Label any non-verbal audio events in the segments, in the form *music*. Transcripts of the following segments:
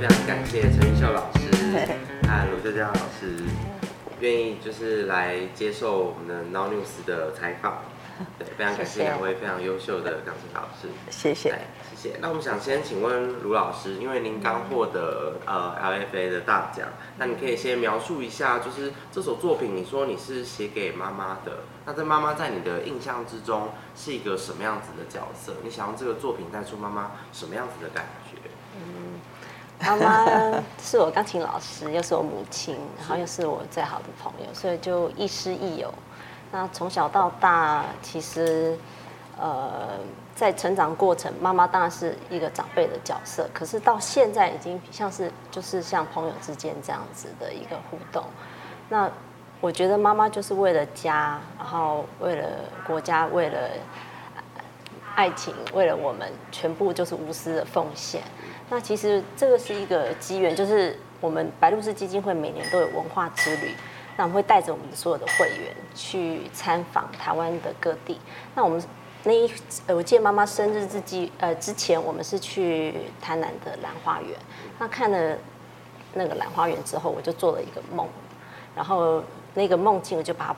非常感謝陳郁秀老師和盧佳慧老師願意就是來接受我們的 Now News 的採訪。對，非常感謝兩位非常優秀的鋼琴老師。謝謝，謝謝。那我們想先請問盧老師，因為您剛獲得呃 LFA 的大獎，那你可以先描述一下，就是這首作品，你說你是寫給媽媽的，那在媽媽在你的印象之中是一個什麼樣子的角色？你想用這個作品帶出媽媽什麼樣子的感覺？媽媽是我鋼琴老師，又是我母親，然後又是我最好的朋友，所以就亦師亦友。那從小到大，其實呃，在成長過程，媽媽當然是一個長輩的角色，可是到現在已經像是就是像朋友之間這樣子的一個互動。那我覺得媽媽就是為了家，然後為了國家，為了愛情，為了我們，全部就是無私的奉獻。那其實這個是一個機緣，就是我們白鷺鷥基金會每年都有文化之旅，那我們會帶着我們所有的會員去參訪台灣的各地。那我們那一我借媽媽生日之際，呃，之前我們是去台南的蘭花園，那看了那個蘭花園之後，我就做了一個夢，然後那個夢境我就把它譜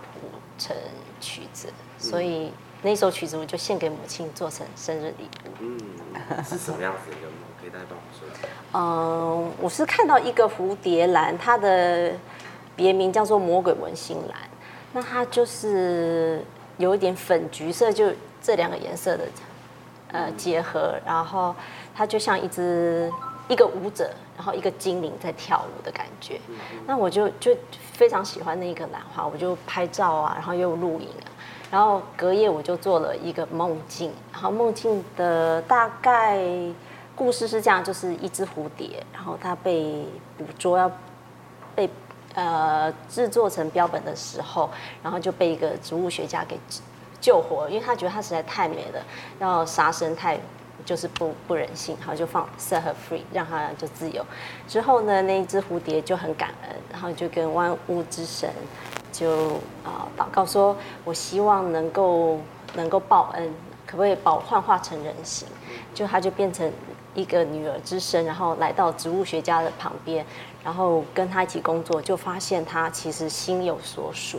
成曲子，所以那首曲子我就獻給母親，做成生日禮物。嗯，是什麼樣子的？ *laughs* 嗯，我是看到一個蝴蝶蘭，它的別名叫做魔鬼文心蘭。那它就是有一點粉橘色，就這兩個顏色的呃結合，然後它就像一隻一個舞者，然後一個精靈在跳舞的感覺。那我就就非常喜歡那一個蘭花，我就拍照啊，然後又錄影啊，然後隔夜我就做了一個夢境，然後夢境的大概。故事是這樣，就是一隻蝴蝶，然後它被捕捉，要被呃製作成標本的時候，然後就被一個植物學家給救活，因為他覺得他實在太美了，然後殺生太就是不不忍心，然後就放 set her free，讓它就自由。之後呢，那一隻蝴蝶就很感恩，然後就跟萬物之神就啊、呃、禱告說，我希望能夠能夠報恩，可不可以把我幻化成人形？就它就變成。一個女兒之身，然後來到植物學家的旁邊，然後跟他一起工作，就發現他其實心有所屬。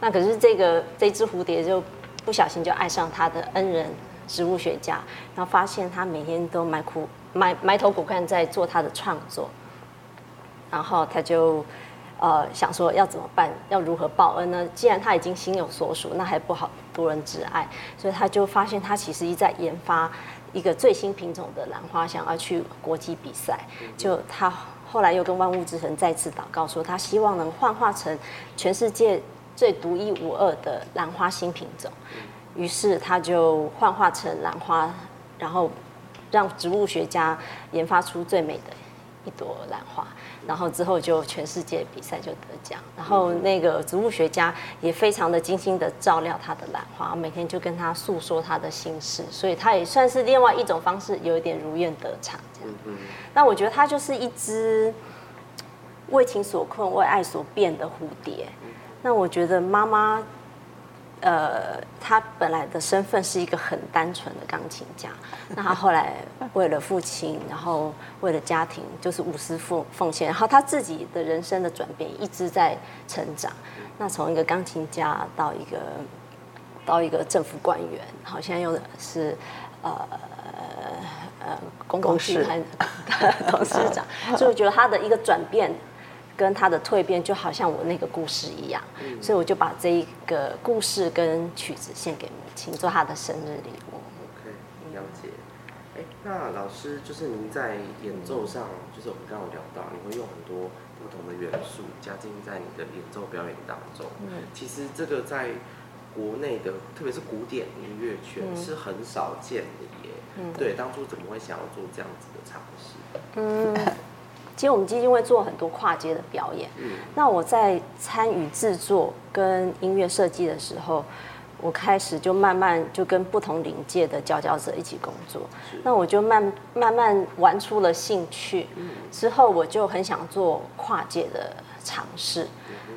那可是這個這只蝴蝶就不小心就愛上他的恩人植物學家，然後發現他每天都埋苦埋埋頭苦幹在做他的創作，然後他就。呃，想說要怎麼辦，要如何報恩呢？既然他已經心有所屬，那還不好奪人之愛，所以他就發現他其實一再研發一個最新品種的蘭花，想要去國際比賽。就他後來又跟萬物之神再次禱告，說他希望能幻化成全世界最獨一無二的蘭花新品種。於是他就幻化成蘭花，然後讓植物學家研發出最美的。一朵蘭花，然後之後就全世界比賽就得獎，然後那個植物學家也非常的精心的照料他的蘭花，每天就跟他訴說他的心事，所以他也算是另外一種方式，有一點如願得償這樣，嗯。那我覺得他就是一隻為情所困、為愛所變的蝴蝶。那我覺得媽媽。呃，他本來的身份是一個很單純的鋼琴家，那他後來為了父親，然後為了家庭，就是無私奉奉獻，然後他自己的人生的轉變一直在成長。那從一個鋼琴家到一個到一個政府官員，好像又是呃呃呃，公廣集團董事長，所以我覺得他的一個轉變。跟他的蛻變就好像我那個故事一樣。嗯，所以我就把這一個故事跟曲子獻給母親做他的生日禮物。OK，了解。嗯欸、那老師就是您在演奏上，嗯、就是我們剛剛有聊到，你會用很多不同的元素加進在你的演奏表演當中。嗯、其實這個在國內的，特別是古典音樂圈，嗯、是很少見的耶。嗯。對，當初怎麼會想要做這樣子的嘗試？嗯。嗯其實我們基金會做很多跨界的表演。那我在參與制作跟音樂設計的時候，我開始就慢慢就跟不同領域的佼佼者一起工作。那我就慢慢慢玩出了興趣。之後我就很想做跨界的嘗試。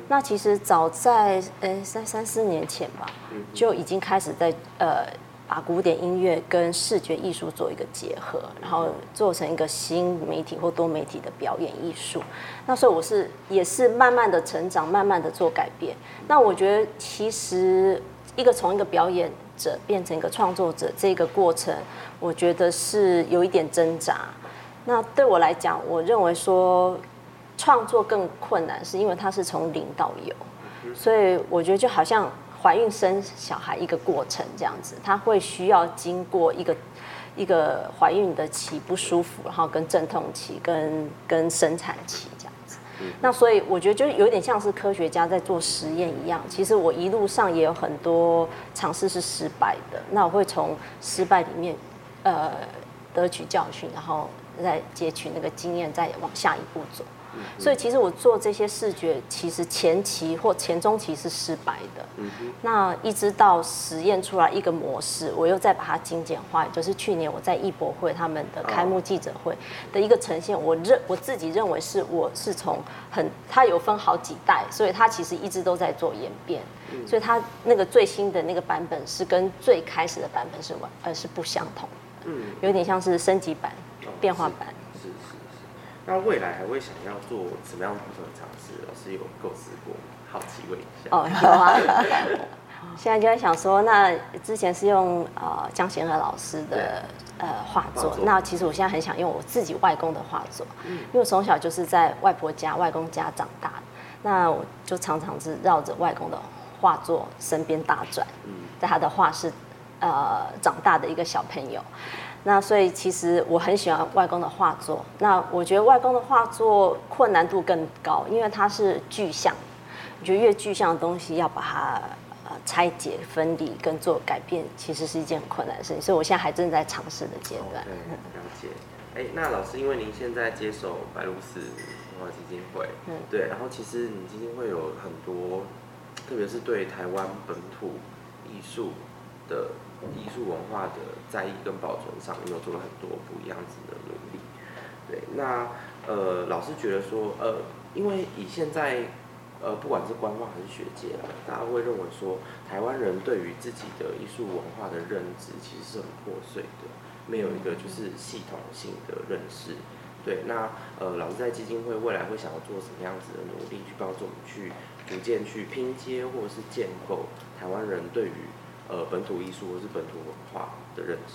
那其實早在三三四年前吧，就已經開始在呃。把古典音樂跟視覺藝術做一個結合，然後做成一個新媒體或多媒體的表演藝術。那所以我是也是慢慢的成長，慢慢的做改變。那我覺得其實一個從一個表演者變成一個創作者這個過程，我覺得是有一點掙扎。那對我來講，我認為說創作更困難，是因為它是從零到有，所以我覺得就好像。懷孕生小孩一個過程這樣子，他會需要經過一個一個懷孕的期不舒服，然後跟陣痛期，跟跟生產期這樣子。那所以我覺得就有點像是科學家在做實驗一樣。其實我一路上也有很多嘗試是失敗的，那我會從失敗裡面呃得取教訓，然後再截取那個經驗，再往下一步走。Mm -hmm. 所以其實我做這些視覺，其實前期或前中期是失敗的。嗯、mm -hmm.。那一直到實驗出來一個模式，我又再把它精簡化，就是去年我在藝博會他們的開幕記者會的一個呈現，oh. 我認我自己認為是我是從很它有分好幾代，所以它其實一直都在做演變。Mm -hmm. 所以它那個最新的那個版本是跟最開始的版本是完而、呃、是不相同。Mm -hmm. 有點像是升級版，oh, 變化版。他未來還會想要做什麼樣的不同的嘗試？老師有構思過，好奇問一下。哦，有啊。現在就在想說，那之前是用呃江賢和老師的呃畫作好好，那其實我現在很想用我自己外公的畫作，嗯，因為我從小就是在外婆家、外公家長大的，那我就常常是繞着外公的畫作身邊打轉，嗯，在他的畫室呃長大的一個小朋友。那所以其實我很喜歡外公的畫作。那我覺得外公的畫作困難度更高，因為它是具象。我覺得越具象的東西，要把它拆解、分離跟做改變，其實是一件很困難的事情。所以我現在還正在嘗試的階段。哦，對，了解。哎，那老師，因為您現在接手白鷺鷥文化基金會、嗯，對，然後其實你基金會有很多，特別是對台灣本土藝術的。藝術文化的在意跟保存上，也有做了很多不一樣子的努力。對，那呃，老師覺得說，呃，因為以現在，呃，不管是官方還是學界啦，大家會認為說，台灣人對於自己的藝術文化的認知其實是很破碎的，沒有一個就是系統性的認識。對，那呃，老師在基金會未來會想要做什麼樣子的努力，去幫助我們去逐漸去拼接或者是建構台灣人對於。呃，本土藝術或是本土文化的認知，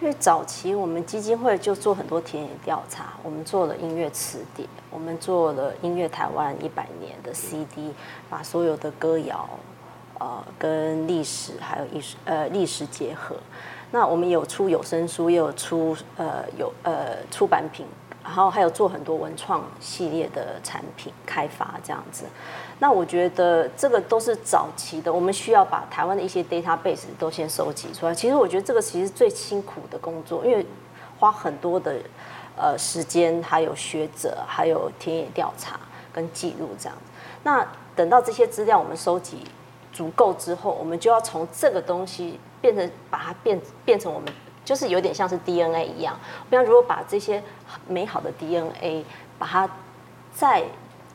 因為早期我們基金會就做很多田野調查，我們做了音樂詞典，我們做了音樂台灣一百年的 CD，把所有的歌謠，呃，跟歷史還有藝術，呃，歷史結合。那我們有出有聲書，也有出呃有呃出版品。然後還有做很多文創系列的產品開發這樣子，那我覺得這個都是早期的，我們需要把台灣的一些 database 都先收集出來。其實我覺得這個其實最辛苦的工作，因為花很多的呃時間，還有學者，還有田野調查跟記錄這樣。那等到這些資料我們收集足夠之後，我們就要從這個東西變成把它變變成我們。就是有點像是 DNA 一樣，我們如果把這些美好的 DNA，把它再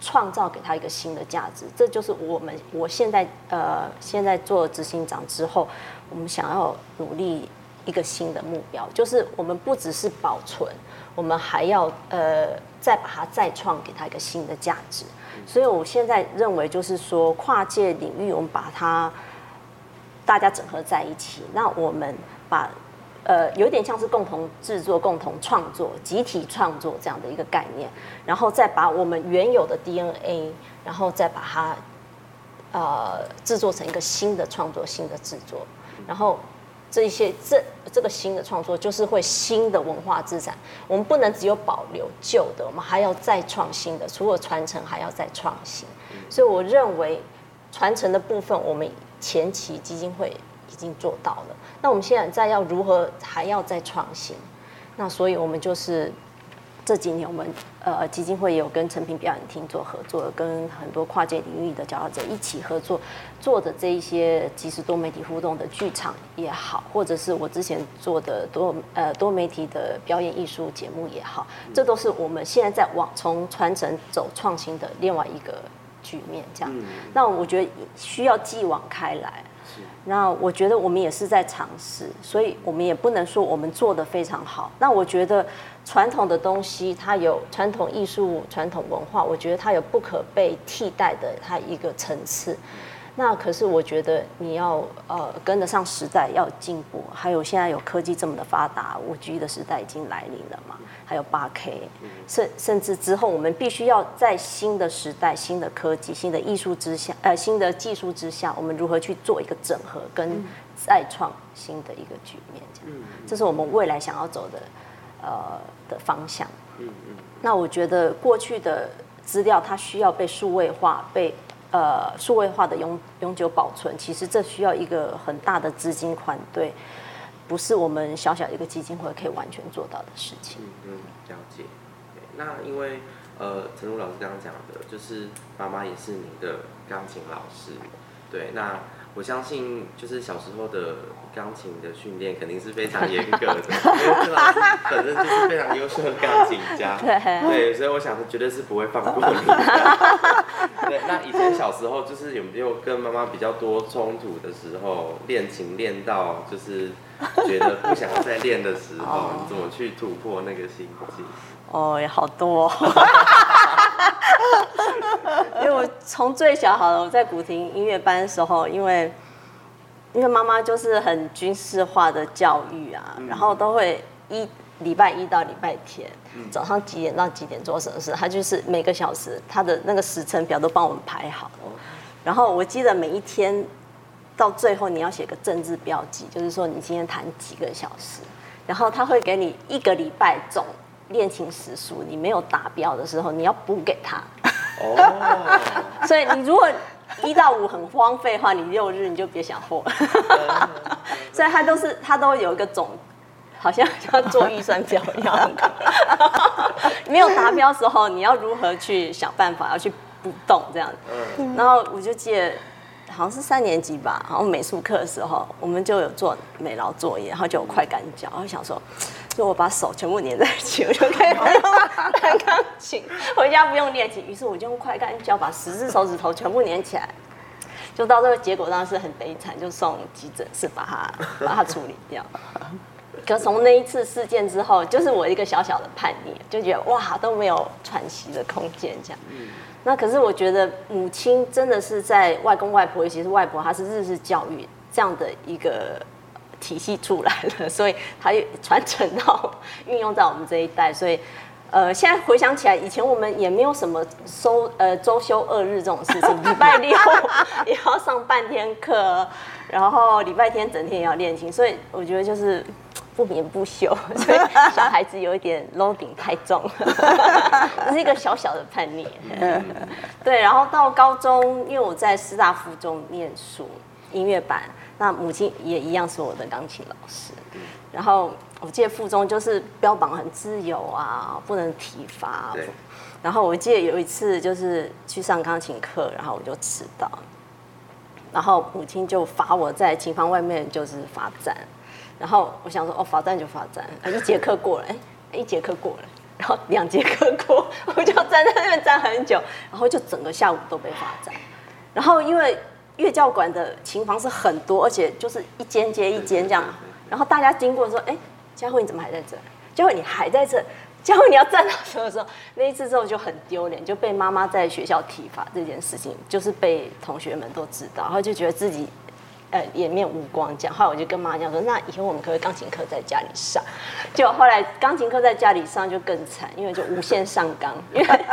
創造給它一個新的價值，這就是我們我現在呃現在做執行長之後，我們想要努力一個新的目標，就是我們不只是保存，我們還要呃再把它再創給它一個新的價值。所以，我現在認為就是說，跨界領域我們把它大家整合在一起，那我們把。呃，有點像是共同製作、共同創作、集體創作這樣的一個概念，然後再把我們原有的 DNA，然後再把它，呃，製作成一個新的創作、新的製作，然後這一些這這個新的創作就是會新的文化資產。我們不能只有保留舊的，我們還要再創新的，除了傳承還要再創新。所以我認為，傳承的部分我們前期基金會已經做到了。那我們現在在要如何還要再創新？那所以我們就是這幾年我們呃基金會有跟誠品表演廳做合作，跟很多跨界領域的佼佼者一起合作做的這一些即時多媒體互動的劇場也好，或者是我之前做的多呃多媒體的表演藝術節目也好，這都是我們現在在往從傳承走創新的另外一個局面。這樣，那我覺得需要繼往開來。那我覺得我們也是在嘗試，所以我們也不能說我們做得非常好。那我覺得傳統的東西，它，有傳統藝術、傳統文化，我覺得它有不可被替代的它一個層次。那可是我覺得你要呃跟得上時代，要進步，還有現在有科技這麼的發達，五 G 的時代已經來臨了嘛，還有八 K，甚甚至之後我們必須要在新的時代、新的科技、新的藝術之下，呃，新的技術之下，我們如何去做一個整合跟再創新的一個局面？這樣，這是我們未來想要走的，呃的方向。那我覺得過去的資料它需要被數位化，被。呃，數位化的永永久保存，其實這需要一個很大的資金團隊，不是我們小小一個基金會可以完全做到的事情。嗯，嗯，了解。那因為呃，陳如老師剛剛講的，就是媽媽也是你的鋼琴老師，對，那我相信就是小時候的。鋼琴的訓練肯定是非常嚴格的， *laughs* 反正就是非常優秀的鋼琴家對。啊，對，所以我想他絕對是不會放過你的，對，那以前小時候就是有沒有跟媽媽比較多衝突的時候，練琴練到就是覺得不想再練的時候，你 *laughs* 怎麼去突破那個心結？哦，也、欸、好多、哦， *laughs* *laughs* 因為我從最小好了，我在古亭音樂班的時候，因為。因為媽媽就是很軍事化的教育啊，嗯、然後都會一禮拜一到禮拜天、嗯，早上幾點到幾點做什麼事，她就是每個小時她的那個時程表都幫我們排好。然後我記得每一天到最後你要寫個政治標記，就是說你今天彈幾個小時，然後他會給你一個禮拜總練琴時數，你沒有達標的時候你要補給他。哦， *laughs* 所以你如果。一到五很荒廢的話，你六日你就別想活。 *laughs* 所以他都是他都有一個總，好像要做預算表一樣。 *laughs* 沒有達標的時候，你要如何去想辦法要去補洞這樣子，嗯。然後我就記得，好像是三年級吧，然後美術課的時候，我們就有做美勞作業，然後就有快乾膠，然後想說。就我把手全部粘在一起，我就可以彈鋼琴。回家不用練琴，於是我就用快乾膠把十隻手指頭全部粘起來。就到這個結果當時很悲慘，就送急診室把它把它處理掉。可是從那一次事件之後，就是我一個小小的叛逆，就覺得哇都沒有喘息的空間這樣。那可是我覺得母親真的是在外公外婆，尤其是外婆她，是日式教育這樣的一個體系出來了，所以它又傳承到運用在我們這一代。所以，呃，現在回想起來，以前我們也沒有什麼收呃周休二日這種事情，禮拜六也要上半天課，然後禮拜天整天也要練琴。所以我覺得就是不眠不休，所以小孩子有一點 loading 太重了， *laughs* 是一個小小的叛逆。 *laughs* 對。然後到高中，因為我在師大附中念書，音樂班。那母親也一樣是我的鋼琴老師，然後我記得附中就是標榜很自由啊，不能體罰啊。然後我記得有一次就是去上鋼琴課，然後我就遲到，然後母親就罰我在琴房外面就是罰站。然後我想說，哦，罰站就罰站，一節課過了，哎，一節課過了，然後兩節課過，我就站在那邊站很久，然後就整個下午都被罰站。然後因為。樂教館的琴房是很多，而且就是一間接一間這樣。然後大家經過說：“哎、欸，佳慧你怎麼還在這？佳慧你還在這？佳慧你要站到什麼時候？”那一次之後就很丟臉，就被媽媽在學校體罰這件事情，就是被同學們都知道，然後就覺得自己。呃，顏面無光，這樣。後來我就跟媽媽講說，那以後我們可不可以鋼琴課在家裡上？結果後來鋼琴課在家裡上就更慘，因為就無限上綱。因為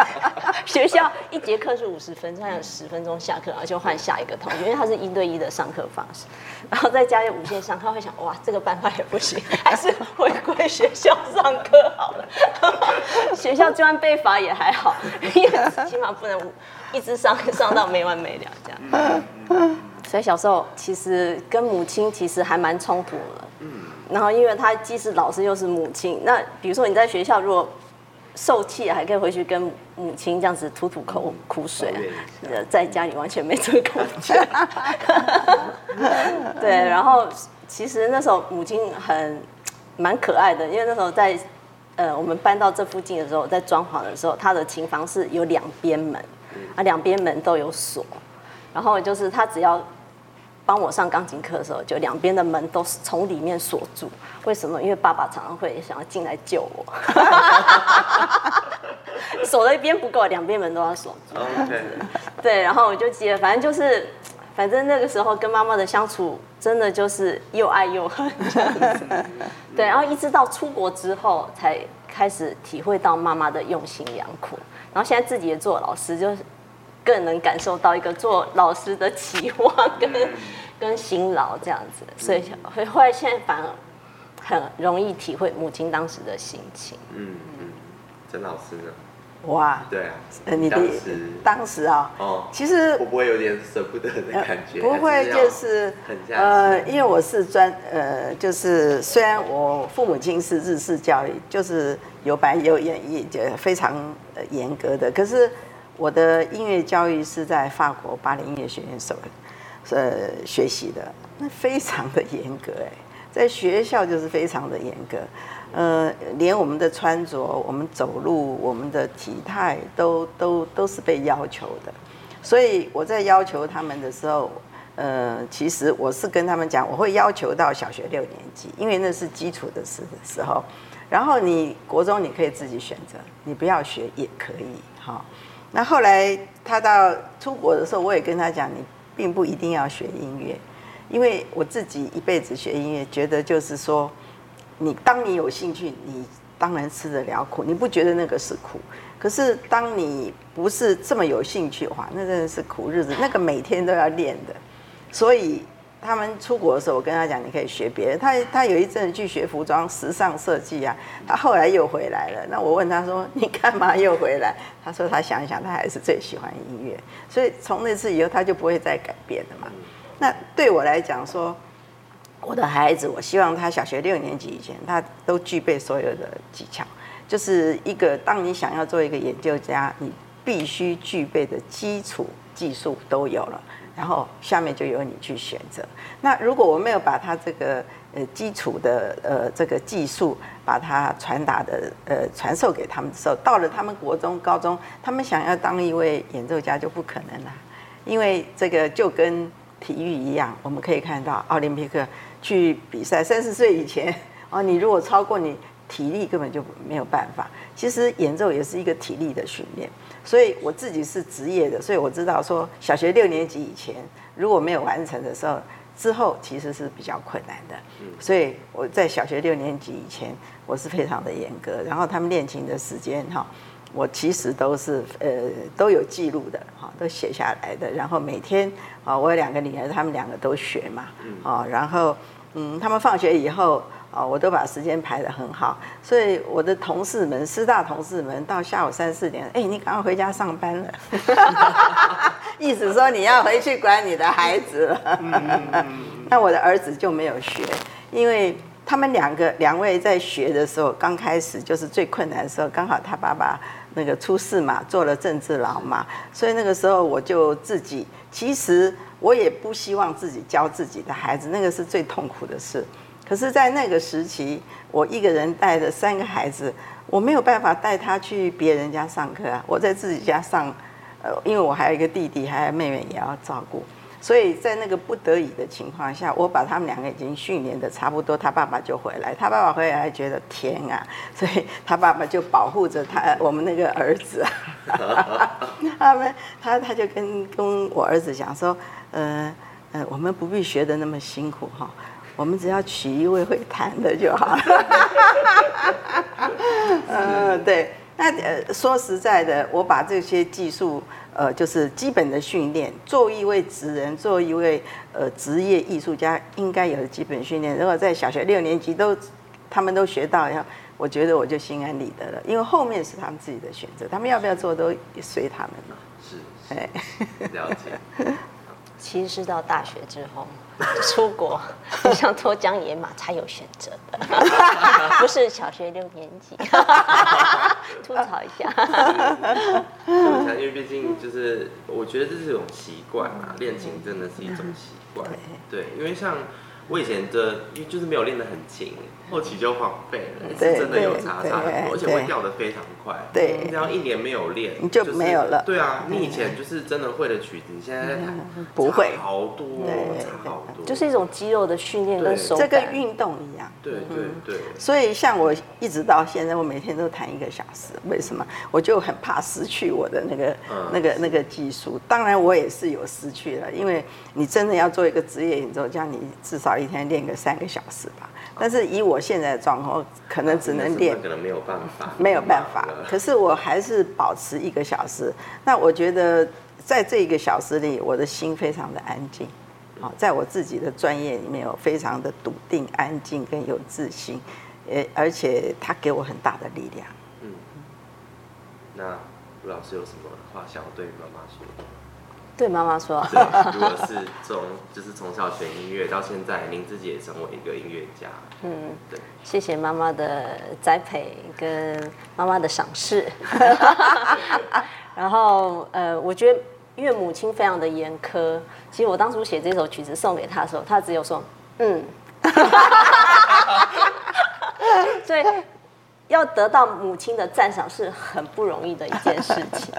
學校一節課是五十分，還有十分鐘下課，然後就換下一個同學，因為他是一對一的上課方式，然後在家裡無限上。他會想，哇，這個辦法也不行，還是回歸學校上課好了。然後學校就算被罰也還好，因為起碼不能一直上上到沒完沒了這樣。嗯嗯所以小時候其實跟母親其實還蠻衝突的，嗯，然後因為她既是老師又是母親，那比如說你在學校如果受氣，還可以回去跟母親這樣子吐吐口苦水，嗯嗯、在家裡完全沒這個感覺。嗯、 *laughs* *laughs* *laughs* *laughs* 對，然後其實那時候母親很蠻可愛的，因為那時候在呃我們搬到這附近的時候，在裝潢的時候，他的琴房是有兩邊門，嗯、啊兩邊門都有鎖，然後就是他只要。幫我上鋼琴課的時候，就兩邊的門都是從裡面鎖住。為什麼？因為爸爸常常會想要進來救我。鎖 *laughs* 了一邊不夠，兩邊門都要鎖住。OK。對，然後我就記得，反正就是，反正那個時候跟媽媽的相處，真的就是又愛又恨這樣子。對，然後一直到出國之後，才開始體會到媽媽的用心良苦。然後現在自己也做老師就，就是。更能感受到一個做老師的期望跟、嗯、跟辛勞這樣子、嗯，所以後來現在反而很容易體會母親當時的心情。嗯嗯，曾老師呢？哇，對啊，呃、你的當時啊、喔，哦、喔，其實我不會有點捨不得的感覺，呃、不會，就是呃，呃，因為我是專呃，就是雖然我父母親是日式教育，就是有板有眼，就非常嚴、呃、格的，可是。我的音樂教育是在法國巴黎音樂學院所，呃，學習的。那非常的嚴格哎，欸，在學校就是非常的嚴格，呃，連我們的穿着、我們走路、我們的體態都都都是被要求的。所以我在要求他們的時候，呃，其實我是跟他們講，我會要求到小學六年級，因為那是基礎的時時候。然後你國中你可以自己選擇，你不要學也可以，哈。那後來他到出國的時候，我也跟他講，你並不一定要學音樂，因為我自己一輩子學音樂，覺得就是說，你當你有興趣，你當然吃得了苦，你不覺得那個是苦。可是當你不是這麼有興趣的話，那真的是苦日子，那個每天都要練的，所以。他們出國的時候，我跟他講，你可以學別的。他他有一陣去學服裝時尚設計啊，他後來又回來了。那我問他說：“你幹嘛又回來？”他說：“他想一想，他還是最喜歡音樂。”所以從那次以後，他就不會再改變了嘛。那對我來講說，我的孩子，我希望他小學六年級以前，他都具備所有的技巧，就是一個當你想要做一個研究家，你必須具備的基礎。技術都有了，然後下面就由你去選擇。那如果我沒有把他這個呃基礎的呃這個技術把它傳達的呃傳授給他們的時候，到了他們國中、高中，他們想要當一位演奏家，就不可能了，因為這個就跟體育一樣，我們可以看到奧林匹克去比賽，三十歲以前啊、哦，你如果超過你。體力根本就沒有辦法。其實演奏也是一個體力的訓練，所以我自己是職業的，所以我知道說小學六年級以前如果沒有完成的時候，之後其實是比較困難的。所以我在小學六年級以前，我是非常的嚴格。然後他們練琴的時間哈，我其實都是呃都有記錄的哈，都寫下來的。然後每天啊，我有兩個女兒，她們兩個都學嘛啊，然後嗯，她們放學以後。哦，我都把時間排得很好，所以我的同事們，師大同事們，到下午三四點，哎、欸，你趕快回家上班了， *laughs* 意思說你要回去管你的孩子了。 *laughs* 那我的兒子就沒有學，因為他們兩個兩位在學的時候，剛開始就是最困難的時候，剛好他爸爸那個出事嘛，做了政治牢嘛，所以那個時候我就自己，其實我也不希望自己教自己的孩子，那個是最痛苦的事。可是，在那個時期，我一個人帶着三個孩子，我沒有辦法帶他去別人家上課啊！我在自己家上，呃，因為我還有一個弟弟，還有妹妹也要照顧，所以在那個不得已的情況下，我把他們兩個已經訓練得差不多，他爸爸就回來。他爸爸回來覺得天啊，所以他爸爸就保護着他，我們那個兒子啊，他們他他就跟跟我兒子講說，呃呃，我們不必學得那麼辛苦哈。我們只要娶一位會彈的就好了 *laughs* 是的。嗯、 *laughs* 呃，對。那呃，說實在的，我把這些技術，呃，就是基本的訓練，做一位職人，做一位呃職業藝術家應該有的基本訓練，如果在小學六年級都他們都學到以後，要我覺得我就心安理得了。因為後面是他們自己的選擇，他們要不要做都隨他們了。是，哎，了解。 *laughs* 其實是到大學之後，出國像脫韁野馬才有選擇的，不是小學六年級，吐槽一下。因、嗯、為畢竟就是，我覺得這是一種習慣嘛，嗯、練琴真的是一種習慣。對，對，因為像我以前的，因為就是沒有練得很勤，後期就荒廢了，對，真的有差差，對對對對，而且會掉得非常快。對，然後一年沒有練，你就沒有了、就是。對啊，你以前就是真的會的曲子，嗯、你現在不會，對對好多，好多。就是一種肌肉的訓練跟手感，這跟運動一樣。嗯、對對對。所以像我一直到現在，我每天都彈一個小時。為什麼？我就很怕失去我的那個、嗯、那個那個技術。當然我也是有失去了，因為你真的要做一個職業演奏家，叫你至少一天練個三個小時吧。但是以我。我現在的狀況可能只能練，可能沒有辦法、沒有辦法。可是我還是保持一個小時，那我覺得在這一個小時裡，我的心非常的安靜。在我自己的專業裡面，有非常的篤定、安靜，跟有自信。而且他給我很大的力量。嗯，那盧老師有什麼話想要對媽媽說？對媽媽說、啊，如果是從就是從小學音樂到現在，您自己也成為一個音樂家。嗯，對，謝謝媽媽的栽培跟媽媽的賞識。 *laughs* *laughs* 然後呃，我覺得因為母親非常的嚴苛，其實我當初寫這首曲子送給她的時候，她只有說嗯。 *laughs* 所以要得到母親的讚賞是很不容易的一件事情。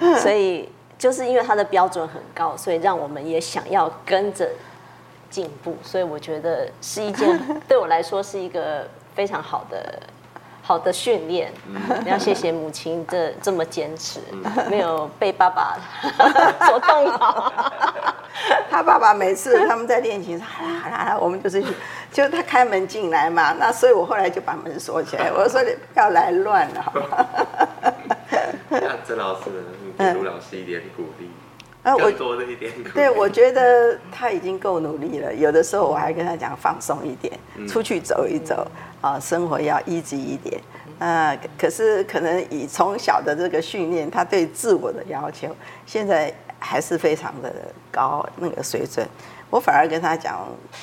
嗯，所以。就是因為他的標準很高，所以讓我們也想要跟着進步。所以我覺得是一件對我來說是一個非常好的好的訓練。嗯 *laughs* 要謝謝母親這這麼堅持，沒有被爸爸捉 *laughs* 所動了好笑。他爸爸每次他們在練琴，上、啊、啦好啦,啦，我們就是就他開門進來嘛。那所以我後來就把門鎖起來，我說你不要來亂了，好不好。 *laughs* 那陳老師，你給盧老師一點鼓勵、嗯、啊？我對，我覺得他已經夠努力了。有的時候我還跟他講放鬆一點、嗯，出去走一走、嗯、啊，生活要積極一點、啊。可是可能以從小的這個訓練，他對自我的要求現在還是非常的高那個水準。我反而跟他講，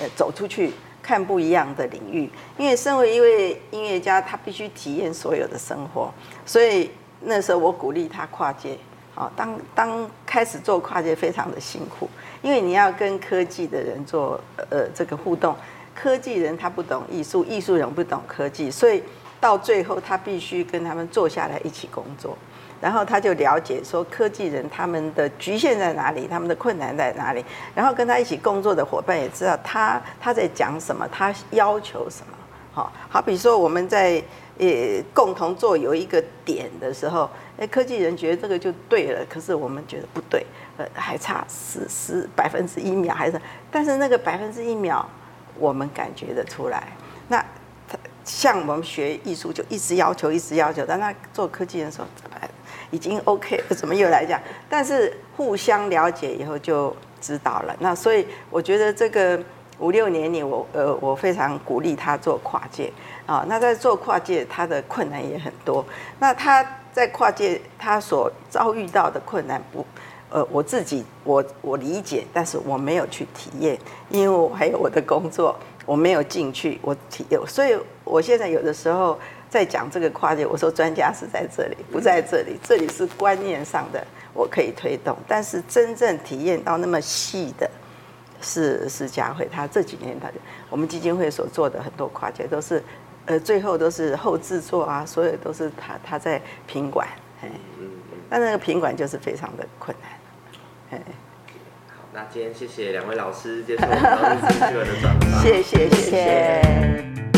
呃，走出去看不一樣的領域，因為身為一位音樂家，他必須體驗所有的生活，所以。那時候我鼓勵他跨界，好，當當開始做跨界非常的辛苦，因為你要跟科技的人做呃這個互動，科技人他不懂藝術，藝術人不懂科技，所以到最後他必須跟他們坐下來一起工作，然後他就了解說科技人他們的局限在哪裡，他們的困難在哪裡，然後跟他一起工作的夥伴也知道他他在講什麼，他要求什麼，好，好比說我們在。也，共同做有一個點的時候，哎、欸，科技人覺得這個就對了，可是我們覺得不對，呃，還差十十百分之一秒，還是，但是那個百分之一秒，我們感覺得出來。那他像我們學藝術就一直要求，一直要求，但他做科技人說，哎、呃，已經 OK，怎麼又來講？但是互相了解以後就知道了。那所以我覺得這個五六年裡我，我呃，我非常鼓勵他做跨界。啊，那在做跨界，他的困難也很多。那他在跨界，他所遭遇到的困難，不，呃，我自己我我理解，但是我沒有去體驗，因為我還有我的工作，我沒有進去，我體驗。所以，我現在有的時候在講這個跨界，我說專家是在這裡，不在這裡，這裡是觀念上的，我可以推動，但是真正體驗到那麼細的是，是是嘉慧佳慧他，他這幾年他，他我們基金會所做的很多跨界都是。呃，最後都是後制作啊，所有都是他他在品管，哎，但、嗯嗯、那，那個品管就是非常的困難，哎，okay，好，那今天謝謝兩位老師接受我們記者的專訪， *laughs* 謝謝謝謝。對對對。